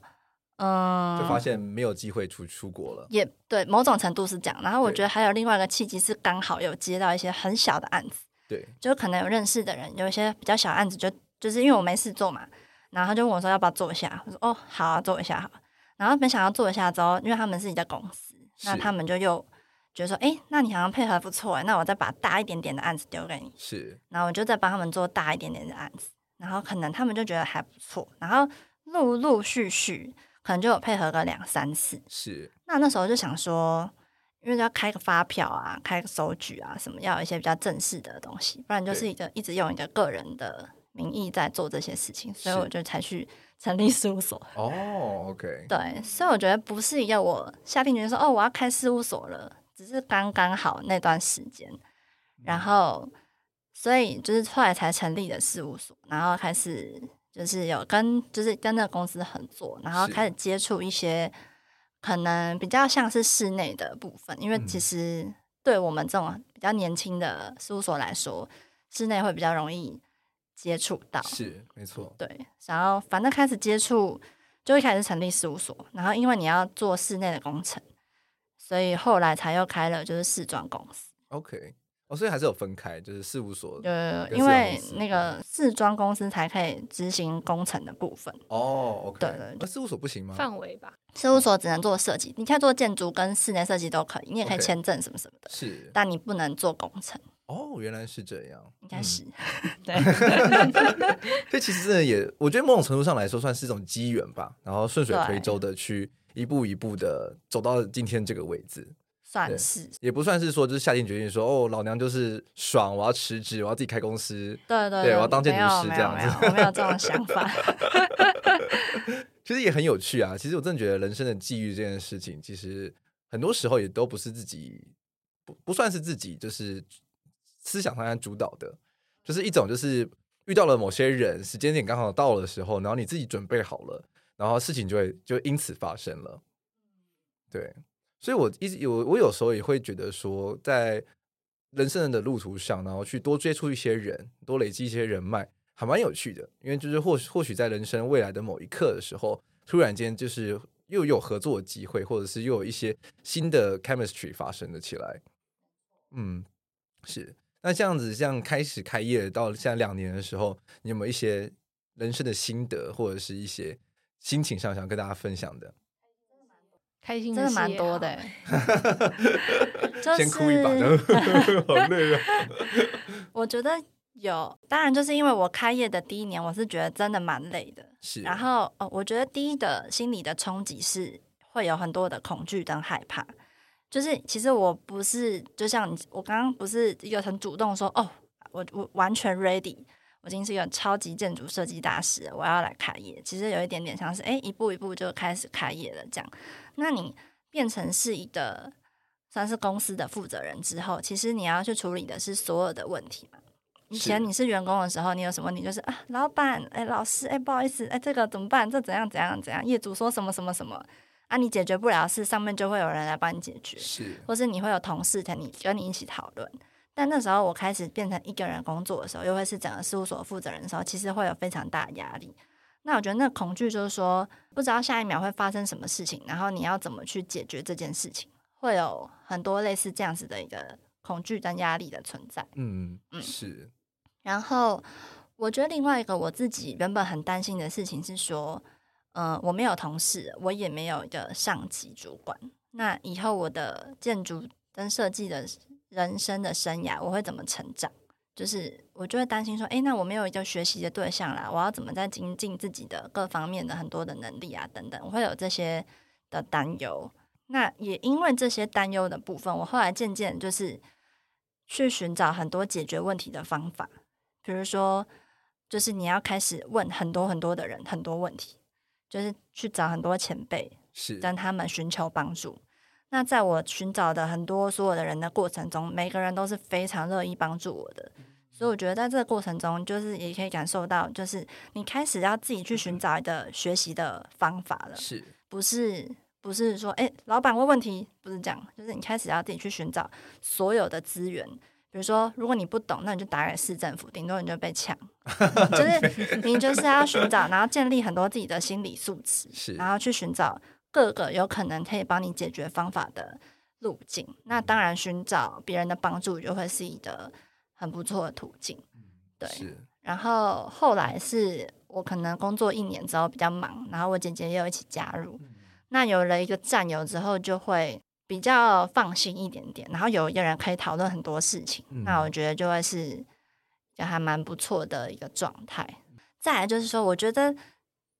嗯，就發現沒有機會出出國了。也對，某種程度是這樣。然後我覺得還有另外一個契機是，剛好有接到一些很小的案子，對，就可能有認識的人，有一些比較小案子就，就就是因為我沒事做嘛，然後他就問我說要不要做一下。我說哦，好啊，做一下好。然後本想要做一下之後，因為他們是一家公司，是那他們就又覺得說，哎，那你好像配合不錯，哎，那我再把大一點點的案子丟給你。是，然後我就再幫他們做大一點點的案子，然後可能他們就覺得還不錯，然後陸陸續續。可能就有配合個兩三次，是。那那時候就想說，因為要開個發票啊，開個收據啊，什麼要一些比較正式的東西，不然就是一個對一直用一個個人的名義在做這些事情，是所以我就才去成立事務所。哦、oh，OK。對，所以我覺得不是要我下定決心說哦，我要開事務所了，只是剛剛好那段時間，然後所以就是後來才成立的事務所，然後開始。就是有跟，就是跟那個公司合作，然後開始接觸一些可能比較像是室內的部分，因為其實對我們這種比較年輕的事務所來說，室內會比較容易接觸到，是沒錯。對，然後反正開始接觸，就會開始成立事務所，然後因為你要做室內的工程，所以後來才又開了就是室裝公司。OK。哦，所以還是有分開，就是事務所，呃對，嗯、因為那個室裝公司才可以執行工程的部分。哦、okay、對那、啊、事務所不行嗎？範圍吧，事務所只能做設計，你可以做建築跟室內設計都可以，你也可以簽證什麼什麼的，是 Okay，但你不能做工程。是哦，原來是這樣，應該是，嗯、 對。 所以其實真的也，我覺得某種程度上來說，算是一種機緣吧。然後順水推舟的去一步一步的走到今天這個位置。算是，也不算是說，就是下定決心說，哦，老娘就是爽，我要辭職，我要自己開公司，對對對，對，我要當建築師這樣子沒，沒有，我沒有這樣想法， 其實也很有趣啊。其實我真的覺得人生的際遇這件事情，其實很多時候也都不是自己，不不算是自己，就是思想上來主導的，就是一種就是遇到了某些人，時間點剛好到的時候，然後你自己準備好了，然後事情就會就因此發生了，對。所以，我一直有我，我有時候也會覺得說，在人生的路途上，然後去多接觸一些人，多累積一些人脈，還蠻有趣的。因為就是或或許在人生未來的某一刻的時候，突然間就是又有合作的機會，或者是又有一些新的 chemistry 發生了起來。嗯，是。那這樣子，像開始開業到現在兩年的時候，你有沒有一些人生的心得，或者是一些心情上想跟大家分享的？開心的、啊、真的蠻多的，先哭一把好累啊！ 我覺得有，當然就是因為我開業的第一年，我是覺得真的蠻累的。是、啊，然後哦，我覺得第一的心理的衝擊是會有很多的恐懼跟害怕，就是其實我不是就像你，我剛剛不是有很主動說哦，我我完全 ready。我今天是有超級建築設計大師，我要來開業，其實有一點點像是哎、欸，一步一步就開始開業了這樣。那你變成是一個算是公司的負責人之後，其實你要去處理的是所有的問題嘛？以前你是員工的時候，你有什麼你就是，是啊，老闆，哎、欸，老師，哎、欸，不好意思，哎、欸，這個怎麼辦？這怎樣怎樣怎樣？業主說什麼什麼什麼？啊，你解決不了的事，上面就會有人來幫你解決，是，或是你會有同事跟你跟你一起討論。但那時候我開始變成一個人工作的時候，又會是整個事務所負責人的時候，其實會有非常大的壓力。那我覺得那恐懼就是說，不知道下一秒會發生什麼事情，然後你要怎麼去解決這件事情，會有很多類似這樣子的一個恐懼跟壓力的存在。嗯嗯，是。嗯，然後我覺得另外一個我自己原本很擔心的事情是說，呃，我沒有同事，我也沒有一個上級主管，那以後我的建築跟設計的。人生的生涯，我會怎麼成長？就是我就會擔心說，哎，那我沒有一個學習的對象啦，我要怎麼在精進，進自己的各方面的很多的能力啊等等，我會有這些的擔憂。那也因為這些擔憂的部分，我後來漸漸就是去尋找很多解決問題的方法，比如說，就是你要開始問很多很多的人很多問題，就是去找很多前輩，是跟他們尋求幫助。那在我尋找的很多所有的人的過程中，每個人都是非常樂意幫助我的，所以我覺得在這個過程中，就是也可以感受到，就是你開始要自己去尋找的學習的方法了，是不是？不是說哎、欸，老闆問問題不是這樣，就是你開始要自己去尋找所有的資源，比如說如果你不懂，那你就打給市政府，頂多你就被搶， 就是你就是要尋找，然後建立很多自己的心理素質，是然後去尋找各個有可能可以幫你解決方法的路徑，那當然尋找別人的幫助就會是一個很不錯的途徑。對，嗯、然後後來是我可能工作一年之後比較忙，然後我姐姐又一起加入，嗯、那有了一個戰友之後，就會比較放心一點點。然後有一個人可以討論很多事情，那我覺得就會是也還蠻不錯的一個狀態。嗯、再來就是說，我覺得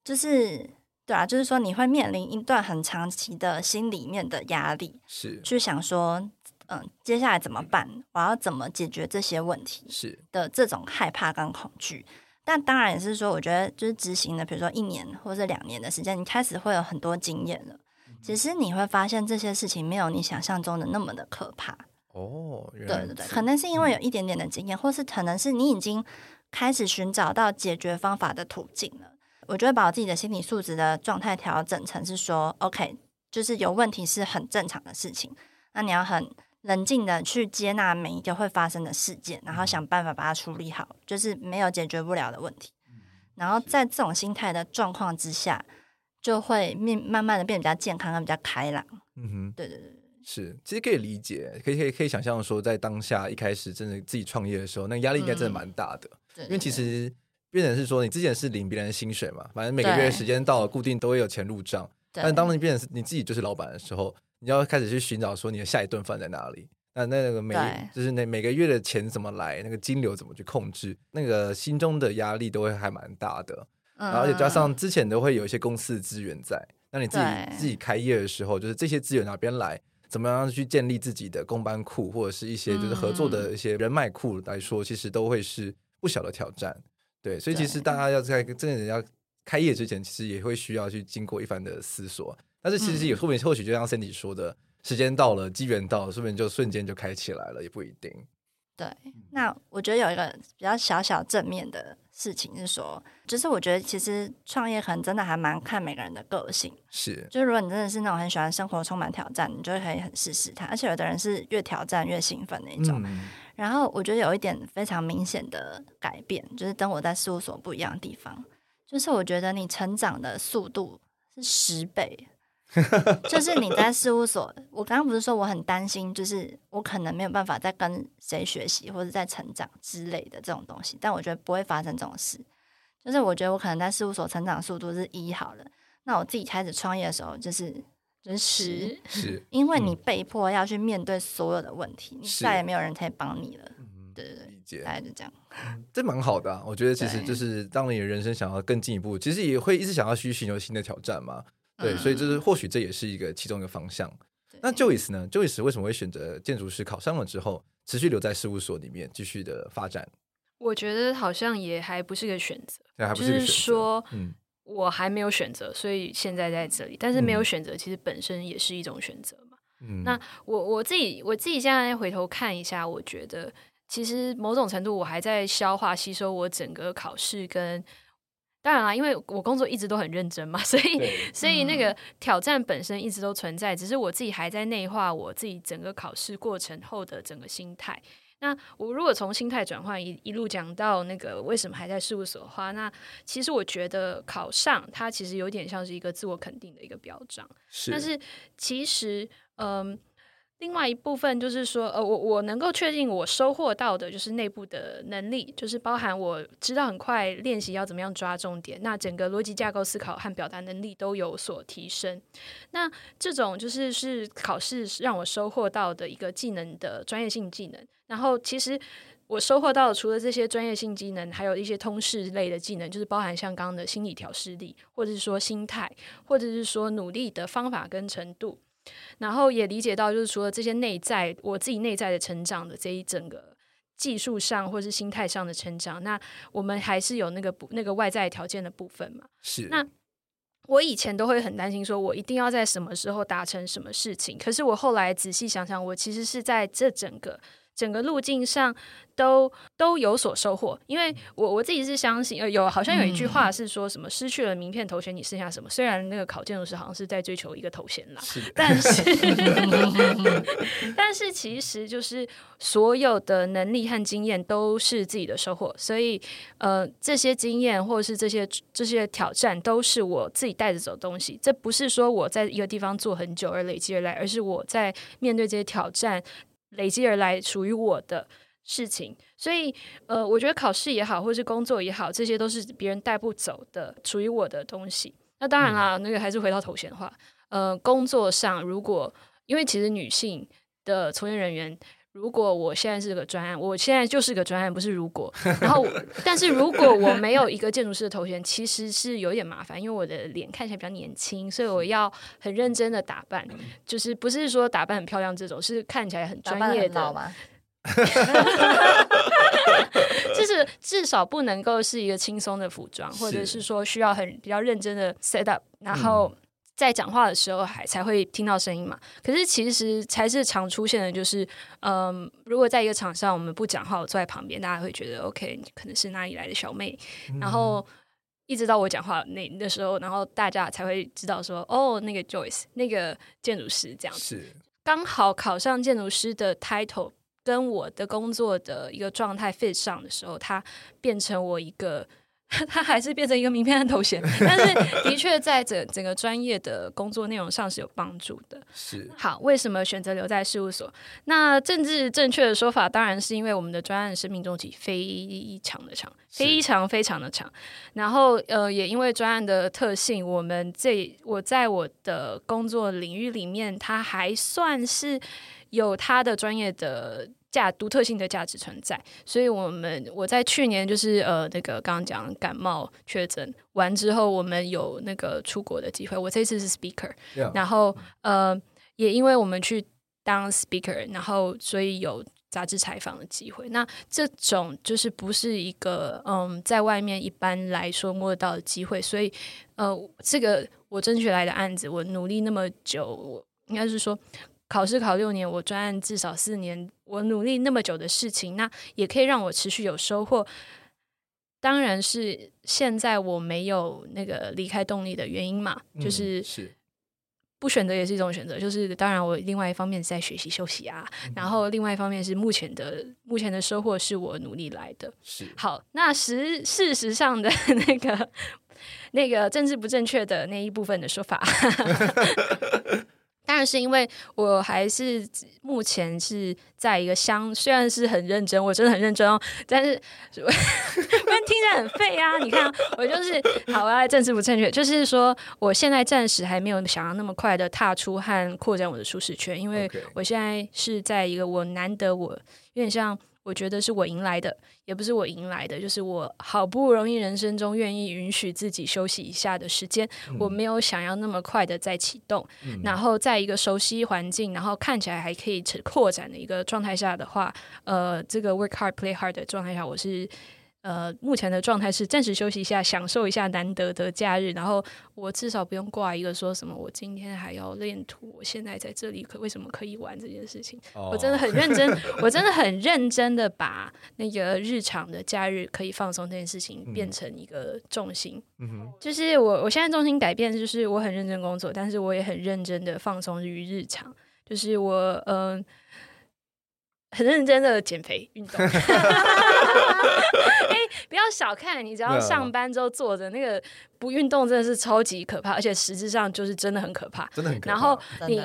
就是。對啊，就是說你會面臨一段很長期的心裡面的壓力，是去想說，嗯、呃，接下來怎麼辦？我要怎麼解決這些問題？是的，這種害怕跟恐懼。是但當然也是說，我覺得就是執行的，比如說一年或者兩年的時間，你開始會有很多經驗了。嗯、只是你會發現這些事情沒有你想象中的那麼的可怕。哦，對對對，嗯、可能是因為有一點點的經驗，嗯、或是可能是你已經開始尋找到解決方法的途徑了。我覺得把我自己的心理素質的狀態調整成是說，OK，就是有問題是很正常的事情。那你要很冷靜的去接納每一個會發生的事件，然後想辦法把它處理好，就是沒有解決不了的問題。嗯、然後在這種心態的狀況之下，就會慢慢的變得比較健康和比較開朗。嗯哼，對對對，是，其實可以理解，可以可以可以想象說，在當下一開始真的自己創業的時候，那壓力應該真的蠻大的，嗯、對對對，因為其實。變成是說，你之前是領別人的薪水嘛？反正每個月的時間到了，固定都會有錢入賬。對但當你變成你自己就是老板的時候，你要開始去尋找說你的下一頓飯在哪裡。那那個每對就是那每個月的錢怎麼來，那個金流怎麼去控制，那個心中的壓力都會還蠻大的。嗯、而且加上之前都會有一些公司資源在，那你自己對自己開業的時候，就是這些資源哪邊來，怎麼樣去建立自己的工班庫，或者是一些就是合作的一些人脈庫來說，嗯嗯，其實都會是不小的挑戰。對，所以其實大家要在真正要開業之前，其實也會需要去經過一番的思索。但是其實也後面或許就像 Sandy 說的，嗯、時間到了，機緣到了，說不定就瞬間就開起來了，也不一定。對，那我覺得有一個比較小小正面的事情是說，就是我覺得其實創業可能真的還蠻看每個人的個性。是，就是如果你真的是那種很喜歡生活充滿挑戰，你就可以很試試它。而且有的人是越挑戰越興奮的一種。嗯然後我覺得有一點非常明顯的改變，就是跟我在事務所不一樣的地方，就是我覺得你成長的速度是十倍。就是你在事務所，我剛剛不是說我很擔心，就是我可能沒有辦法再跟誰學習或者在成長之類的這種東西，但我覺得不會發生這種事。就是我覺得我可能在事務所成長速度是一好了，那我自己開始創業的時候就是。真實是，因為你被迫要去面對所有的問題，你、嗯、再也沒有人可以幫你了。是對對對，理解大概就這樣，嗯、這蠻好的、啊。我覺得其實就是當你的人生想要更進一步，對其實也會一直想要去尋求新的挑戰嘛。對，嗯、所以就是或許這也是一個其中一個方向。對那 Joyce 呢？Joyce 為什麼會選擇建築師？考上了之後，持續留在事務所裡面繼續的發展？我覺得好像也還不是個選擇，就是說，嗯。我還沒有選擇，所以現在在這裡。但是沒有選擇，其實本身也是一種選擇嘛。嗯，那我我自己我自己現在回頭看一下，我覺得其實某種程度我還在消化吸收我整個考試跟。當然啦，因為我工作一直都很認真嘛，所以對所以那個挑戰本身一直都存在，只是我自己還在內化我自己整個考試過程後的整個心態。那我如果從心態轉換一一路講到那個為什麼還在事務所的話，那其實我覺得考上它其實有點像是一個自我肯定的一個表彰。是。但是其實，嗯、呃，另外一部分就是說，呃，我我能夠確定我收穫到的就是內部的能力，就是包含我知道很快練習要怎麼樣抓重點，那整個邏輯架構思考和表達能力都有所提升。那這種就是是考試讓我收穫到的一個技能的專業性技能。然後其實我收穫到了除了這些專業性技能，還有一些通識類的技能，就是包含像剛剛的心理調適力，或者是說心態，或者是說努力的方法跟程度。然後也理解到，就是除了這些內在我自己內在的成長的這一整個技術上或是心態上的成長，那我們還是有那個不那個外在條件的部分嘛？是。那我以前都會很擔心，說我一定要在什麼時候達成什麼事情。可是我後來仔細想想，我其實是在這整個。整個路徑上都都有所收穫，因為我我自己是相信，呃，有好像有一句話是說什麼失去了名片頭銜，你剩下什麼？雖然那個考建築師好像是在追求一個頭銜啦，是的，但是 但是其實就是所有的能力和經驗都是自己的收穫，所以呃，這些經驗或者是這些這些挑戰都是我自己帶着走的東西。這不是說我在一個地方做很久而累積而來，而是我在面對這些挑戰。累積而來屬於我的事情，所以呃，我覺得考試也好，或是工作也好，這些都是別人帶不走的屬於我的東西。那當然啦，嗯、那個還是回到頭銜的話，呃，工作上如果因為其實女性的從業人員，如果我現在是個專案，我現在就是個專案，不是如果。然後，但是如果我沒有一個建築師的頭銜，其實是有點麻煩，因為我的臉看起來比較年輕，所以我要很認真的打扮，就是不是說打扮很漂亮這種，是看起來很專業的。老嗎？ 就是至少不能夠是一個輕鬆的服裝，或者是說需要很比較認真的 set up，然後。在講話的時候還才會聽到聲音嘛？可是其實才是常出現的，就是嗯、呃，如果在一個場上我們不講話，我坐在旁邊，大家會覺得 OK，可能是哪裡來的小妹。嗯、然後一直到我講話那那時候，然後大家才會知道說哦，那個 Joyce 那個建築師這樣子。剛是好考上建築師的 title 跟我的工作的一個狀態 fit 上的時候，他變成我一個。 他還是變成一個名片的頭銜，但是的確在整整個專業的工作內容上是有幫助的。是。好，為什麼選擇留在事務所？那政治正確的說法當然是因為我們的專案生命週期非常的長，非常非常的長。是然後呃，也因為專案的特性，我們這我在我的工作領域裡面，他還算是有他的專業的。價獨特性的價值存在，所以我們我在去年就是呃那個剛剛講感冒確診完之後，我們有那個出國的機會。我這次是 speaker，Yeah. 然後呃也因為我們去當 speaker，然後所以有雜誌採訪的機會。那這種就是不是一個嗯、呃，在外面一般來說摸得到的機會，所以呃這個我爭取來的案子，我努力那麼久，我應該是說。考試考六年，我專案至少四年，我努力那麼久的事情，那也可以讓我持續有收穫。當然是現在我沒有那個離開動力的原因嘛，嗯、就是不選擇也是一種選擇，是就是當然我另外一方面在學習休息啊，嗯、然後另外一方面是目前的目前的收穫是我努力來的。是好，那實事實上的那個那個政治不正確的那一部分的說法。 當然是因為我還是目前是在一個鄉，雖然是很認真，我真的很認真哦，但是， 但是聽着很廢啊！ 你看、啊，我就是好啊，政治不正確，就是說，我現在暫時還沒有想要那麼快的踏出和擴展我的舒適圈，因為我現在是在一個我難得我有點像。我覺得是我迎來的，也不是我迎來的，就是我好不容易人生中願意允許自己休息一下的時間，我沒有想要那麼快的再啟動，嗯、然後在一個熟悉環境，然後看起來還可以擴展的一個狀態下的話，呃，這個 work hard play hard 的狀態下，我是。呃，目前的狀態是暫時休息一下，享受一下難得的假日。然後我至少不用掛一個說什麼，我今天還要練圖。我現在在這裡可，可為什麼可以玩這件事情？Oh. 我真的很認真， 我真的很認真的把那個日常的假日可以放鬆這件事情變成一個重心。Mm hmm. 就是我，我現在重心改變，就是我很認真工作，但是我也很認真的放鬆於日常。就是我，嗯、呃。很認真的減肥運動，哎、 欸，不要小看你，只要上班之後坐着，那個不運動真的是超級可怕，而且實質上就是真的很可怕。真的很可怕，然後你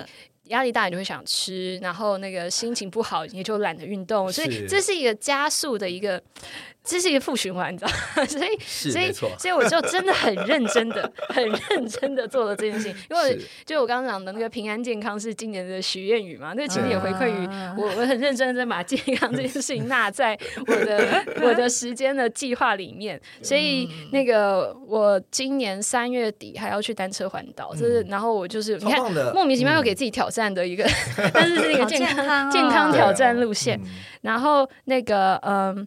壓力大，你就會想吃，的然後那個心情不好，你就懶得運動，所以這是一個加速的一個。這是一個負循環，你知道嗎？所以，所以，所以我就真的很認真的、很認真的做了這件事情，因為就我剛剛講的那個平安健康是今年的許願語嘛，那其實也回饋於我，我很認真的在把健康這件事情納在我的我的時間的計劃裡面。所以，那個我今年三月底還要去單車環島，就是然後我就是你看莫名其妙又給自己挑戰的一個，但是是那個健康健康挑戰路線，然後那個嗯。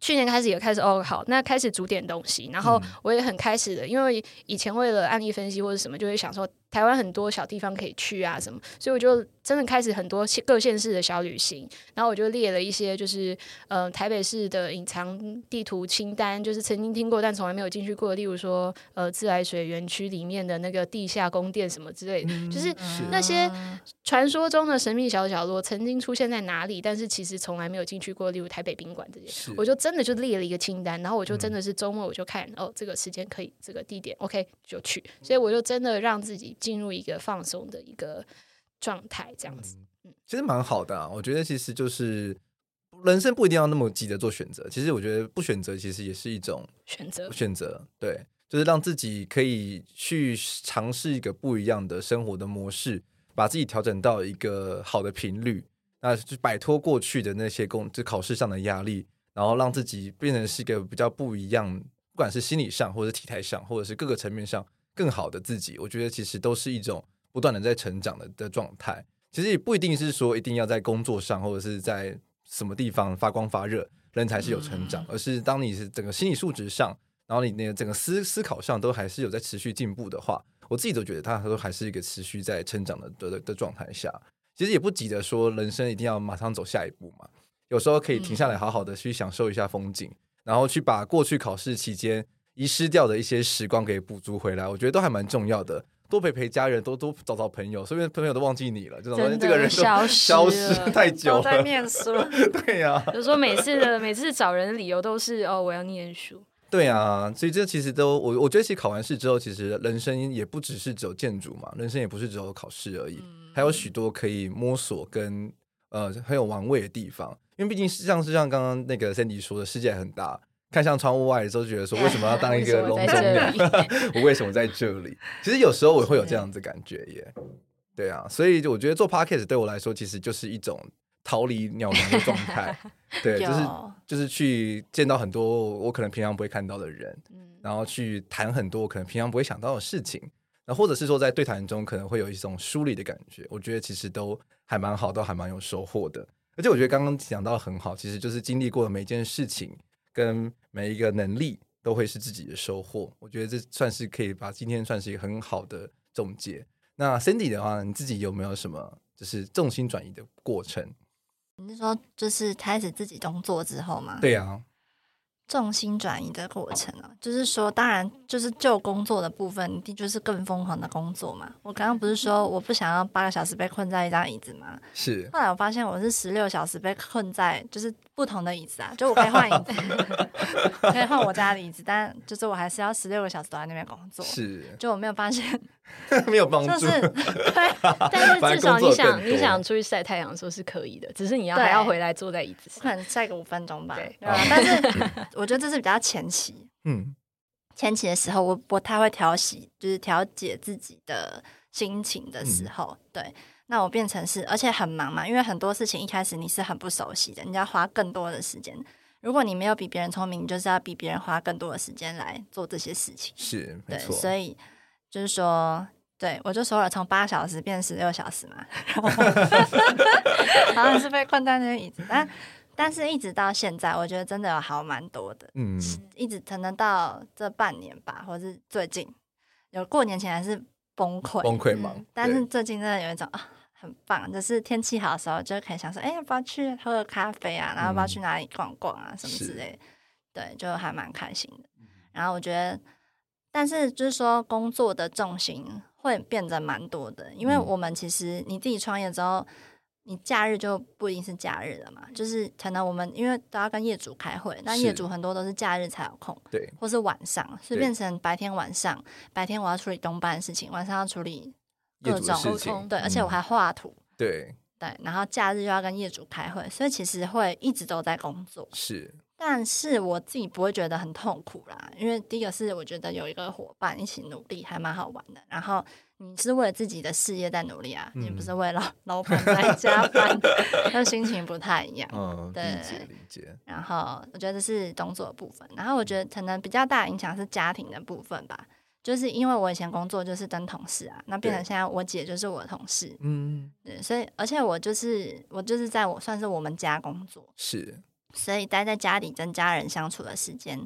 去年開始也開始哦，好，那開始煮點東西，然後我也很開始的，嗯、因為以前為了案例分析或者什麼，就會想說。台灣很多小地方可以去啊，什麼，所以我就真的開始很多各縣市的小旅行，然後我就列了一些，就是呃台北市的隱藏地圖清單，就是曾經聽過但從來沒有進去過，例如說呃自來水園區裡面的那個地下宮殿什麼之類的，嗯、就是那些傳說中的神秘小,小角落曾經出現在哪裡，但是其實從來沒有進去過，例如台北賓館這些，是我就真的就列了一個清單，然後我就真的是周末我就看、嗯、哦這個時間可以這個地點 OK 就去，所以我就真的讓自己。進入一個放鬆的一個狀態，這樣子。嗯，嗯，其實蠻好的啊。我覺得其實就是人生不一定要那麼急着做選擇，其實我覺得不選擇其實也是一種選擇。選擇，對，就是讓自己可以去嘗試一個不一樣的生活的模式，把自己調整到一個好的頻率，那就擺脫過去的那些工，就考試上的壓力，然後讓自己變成是一個比較不一樣，不管是心理上，或者是體態上，或者是各個層面上，更好的自己，我覺得其實都是一種不斷的在成長的的狀態。其實也不一定是說一定要在工作上或者是在什麼地方發光發熱，人才是有成長。而是當你是整個心理素質上，然後你那個整個思思考上都還是有在持續進步的話，我自己都覺得他都還是一個持續在成長的的的狀態下。其實也不急着說人生一定要馬上走下一步嘛，有時候可以停下來好好的去享受一下風景，嗯、然後去把過去考試期間遺失掉的一些時光可以補足回來，我覺得都還蠻重要的。多陪陪家人，多多找找朋友，身邊朋友都忘記你了，這種的這個人消失，消失太久了。我在念書， 對呀、啊。就說每次的每次找人的理由都是哦，我要念書。對啊，所以這其實都我我覺得，其實考完試之後，其實人生也不只是只有建築嘛，人生也不是只有考試而已，嗯、還有許多可以摸索跟呃很有玩味的地方。因為畢竟像是像剛剛那個 Sandy 說的，世界很大。看向窗戶外的時候，就覺得說為什麼要當一個籠中鳥？ 為我， 我為什麼在這裡？ 其實有時候我會有這樣子的感覺耶。對啊，所以我覺得做 podcast 對我來說，其實就是一種逃離鳥籠的狀態。對，就是就是去見到很多我可能平常不會看到的人，然後去談很多我可能平常不會想到的事情。那或者是說在對談中，可能會有一種梳理的感覺。我覺得其實都還蠻好，都還蠻有收穫的。而且我覺得剛剛講到很好，其實就是經歷過的每一件事情。跟每一個能力都會是自己的收穫，我覺得這算是，可以把今天算是一個很好的總結。那 Sandy 的話，你自己有沒有什麼就是重心轉移的過程？你是說就是開始自己工作之後嗎？對啊，重心轉移的過程啊，就是說當然就是舊工作的部分一定就是更瘋狂的工作嘛。我剛剛不是說我不想要八個小時被困在一張椅子嗎？是。後來我發現我是十六小時被困在就是。不同的椅子啊，就我可以換椅子， 可以換我家的椅子，但就是我還是要十六個小時都在那邊工作。是，就我沒有發現， 沒有幫幫助。就是，對， 但是至少你想你想出去曬太陽的時候是可以的，只是你要還要回來坐在椅子上可能曬個五分鐘吧。對，啊對， 但是我覺得這是比較前期，嗯，前期的時候我我不太會調適，就是調節自己的心情的時候，嗯、對。那我變成是，而且很忙嘛，因為很多事情一開始你是很不熟悉的，你要花更多的時間。如果你沒有比別人聰明，你就是要比別人花更多的時間來做這些事情。是，沒錯，對，所以就是說，對，我就說了從八小時變十六小時嘛。 然後你 是被困在那個椅子，但但是一直到現在，我覺得真的有好蠻多的，嗯，一直撐得到這半年吧，或是最近有過年前還是崩潰，崩潰忙，嗯，但是最近真的有一種。很棒，就是天氣好的時候就可以想說，哎、欸，要不要去喝個咖啡啊？然後要不要去哪裡逛逛啊？嗯、什麼之類，是對，就還蠻開心的。嗯、然後我覺得，但是就是說工作的重心會變得蠻多的，因為我們其實你自己創業之後，你假日就不一定是假日了嘛，就是可能我們因為都要跟業主開會，那業主很多都是假日才有空，對是，或是晚上，是對變成白天晚上，白天我要處理東班的事情，晚上要處理。各種溝通對。而且我還畫圖、嗯、對對，然後假日又要跟業主開會，所以其實會一直都在工作。是，但是我自己不會覺得很痛苦啦，因為第一個是我覺得有一個夥伴一起努力還蠻好玩的，然後你是為了自己的事業在努力啊，你、嗯、不是為了老闆在加班，就 心情不太一樣，哦、對。理解、理解。然後我覺得是工作的部分，然後我覺得可能比較大影響是家庭的部分吧。就是因為我以前工作就是跟同事啊，那變成現在我姐就是我的同事，嗯對，所以而且我就是我就是在我算是我們家工作，是，所以待在家裡跟家人相處的時間，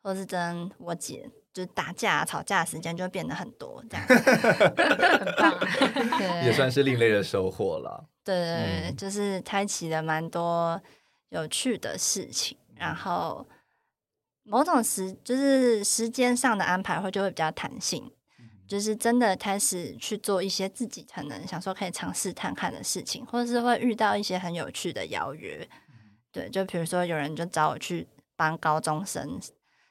或是跟我姐就是打架吵架的時間就會變得很多，這樣， 很棒，也算是另類的收穫了。對對對，嗯、就是開啟了蠻多有趣的事情，然後。某種時就是時間上的安排，會就會比較彈性，嗯、就是真的開始去做一些自己可能想說可以嘗試探看的事情，或者是會遇到一些很有趣的邀約。嗯、對，就比如說有人就找我去幫高中生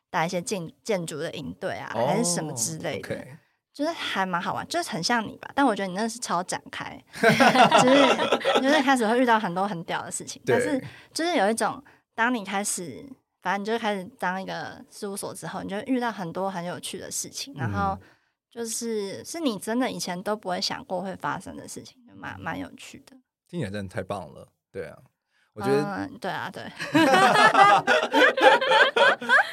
帶一些建築的營隊啊，哦、還是什麼之類的，okay 就是還蠻好玩，就是很像你吧。但我覺得你那是超展開， 就是就是開始會遇到很多很屌的事情。就對是就是有一種，當你開始。反正你就開始當一個事務所之後，你就遇到很多很有趣的事情，然後就是、嗯、是你真的以前都不會想過會發生的事情，蠻蠻有趣的。聽起來真的太棒了！對啊，我覺得、嗯、對啊，對。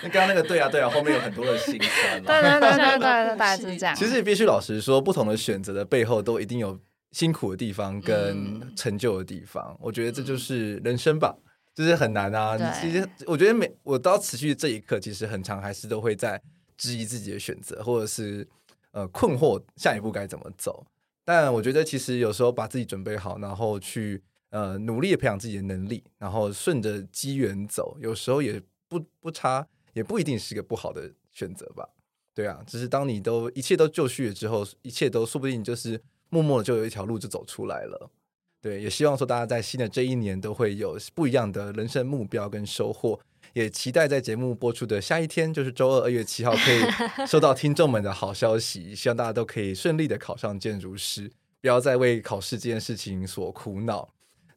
那剛剛那個對啊對啊，後面有很多的辛酸嘛，對對對對對， 大概是這樣。其實你必須老實說，不同的選擇的背後都一定有辛苦的地方跟成就的地方，嗯、我覺得這就是人生吧。嗯就是很難啊，嗯、你其實我覺得每我到持續這一刻，其實很長，還是都會在質疑自己的選擇，或者是呃困惑下一步該怎麼走。但我覺得其實有時候把自己準備好，然後去呃努力的培養自己的能力，然後順着機緣走，有時候也不不差，也不一定是個不好的選擇吧。對啊，只、就是當你都一切都就緒了之後，一切都說不定就是默默的就有一條路就走出來了。對，也希望說大家在新的這一年都會有不一樣的人生目標跟收穫，也期待在節目播出的下一天，就是周二二月七號，可以收到聽眾們的好消息。 希望大家都可以順利的考上建築師，不要再為考試這件事情所苦惱，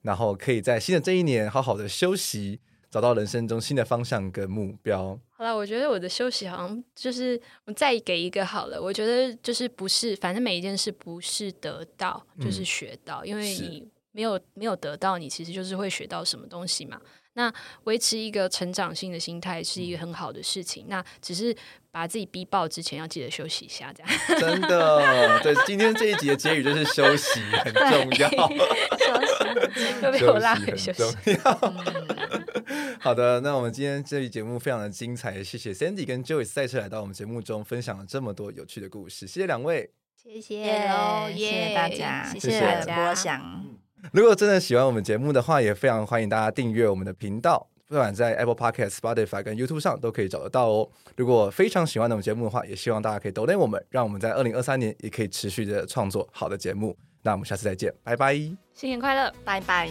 然後可以在新的這一年好好的休息，找到人生中新的方向跟目標。好了，我覺得我的休息好像就是我再給一個好了，我覺得就是不是，反正每一件事不是得到就是學到，嗯、因為你。沒有沒有得到你，其實就是會學到什麼東西嘛。那維持一個成長性的心態是一個很好的事情。嗯，那只是把自己逼爆之前，要記得休息一下，這樣。真的，對， 今天這一集的結語就是休息很重要。休息很重要。好的，那我們今天這集節目非常的精彩，謝謝 Sandy 跟 Joyce 再次來到我們節目中分享了這麼多有趣的故事，謝謝兩位，謝謝，耶謝謝大家，謝謝，謝謝大家。謝謝如果真的喜歡我們節目的話，也非常歡迎大家訂閱我們的頻道，不管在 Apple Podcast、Spotify 跟 YouTube 上都可以找得到哦。如果非常喜歡我們節目的話，也希望大家可以 Donate 我們，讓我們在二零二三年也可以持續的創作好的節目。那我們下次再見，拜拜，新年快樂，拜拜。